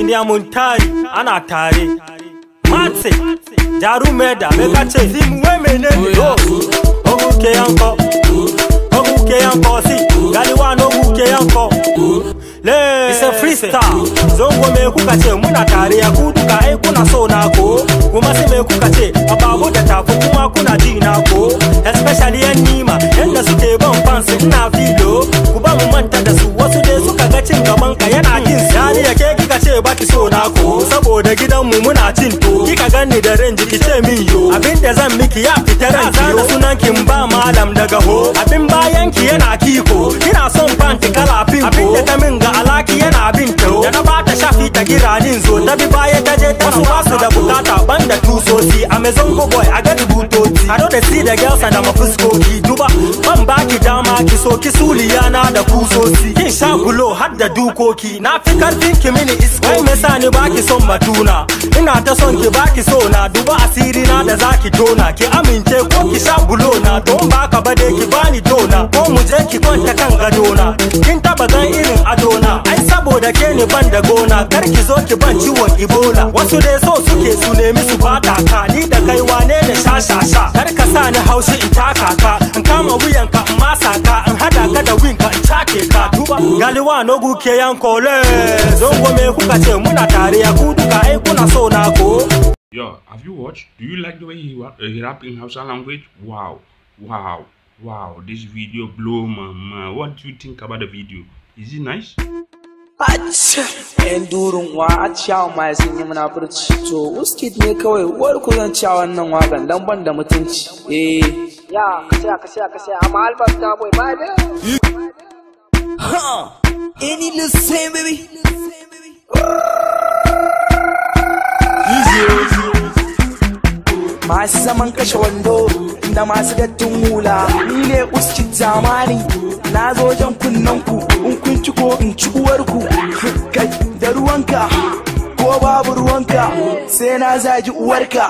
injiniya muntari ana tare matse jarumeda mekace zimuwe Ogu ke yanko Ogu ke yanko si Gali galiwano ke yanko Le a freestyle zongo mekuka ce muna tare ya kutuka e eh, kuna so na ko kuma sai mekuka ce ababu da tafi kuma kuna ji ko especially yan nima ce baki so na ko saboda gidanmu muna cin to kika gani da ran jiki ce min yo abin da zan miki ya fita ran ki yo sunan kin ba malam daga ho abin bayan ki yana kiko kina son panty kala pink abin da ta min ga alaki yana bin to da na bata shafi ta giranin zo ta bi baya ta je ta su da bukata banda tusosi a mezongo boy Ado oh, da si da gyalsa da mafuskoki duba ban baki dama ki so ki suliya na da kusosi yin shagulo har da dukoki na fi karfin ki mini isko me sa ni baki son matuna ina ta son ki baki so na duba asiri na da zaki tona ki amince ko ki shagulo na don baka bade ki bani tona ko mu je ki kwanta kan gadona kin taba gan iri. ke ni ban da gona kar ki zo ki ban ciwon ibola wasu dai so suke su nemi su bata ka ni da kai wane da sha kar ka sa ni haushi in taka ka in kama ka in masa ka in hada ka da winka in take ka duba galiwa no guke kole zongo me kuka ce muna tare ya ku duka ai kuna so na ko Yo, have you watched? Do you like the way he, uh, he rap in Hausa language? Wow, wow, wow, this video blow my mind. What do you think about the video? Is it nice? yan durin wa a ciyawa ma ya sanyi munafurci to wuskid ne kawai uwar ku zan ciya wannan wakan don ban da mutunci eh ya ka saya ka saya ka saya amma alfa ta boy ba da ha any the same baby masu zaman kashe wando da masu dattin hula ni ne uskin zamani na zo jan kunnen ku ki ko in ci uwarku kai da ruwanka ko babu ruwanka sai na zagi uwarka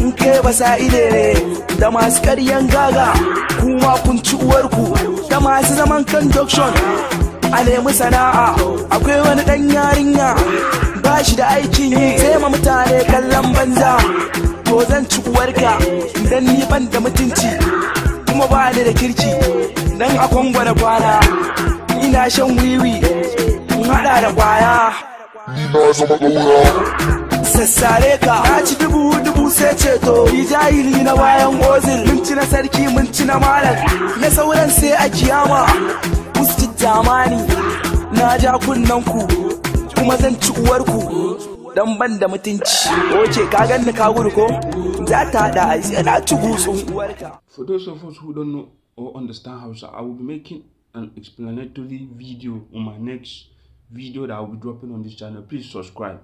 in kai ba sa'ide ne da masu karyan gaga kuma kun ci uwarku da masu zaman conduction a nemi sana'a akwai wani dan yarinya ba shi da aikin yi sai ma mutane kallon banza to zan ci uwarka dan ni ban da mutunci kuma ba ni da kirki dan a kwana ina shan wiwi in hada da kwaya ni na zama gaura sassare ka na ci dubu dubu sai ceto yi jahili na bayan ozil mun ci na sarki mun ci na malam na sauran sai a kiyama musti jamani na ja kunnen ku kuma zan ci uwar ku dan ban da mutunci oke ka ganni ka gudu ko za ta hada a na ci gusun. uwarka for those of us who don't know or understand Hausa I will be making an explanatory video on my next video that I'll be dropping on this channel. Please subscribe.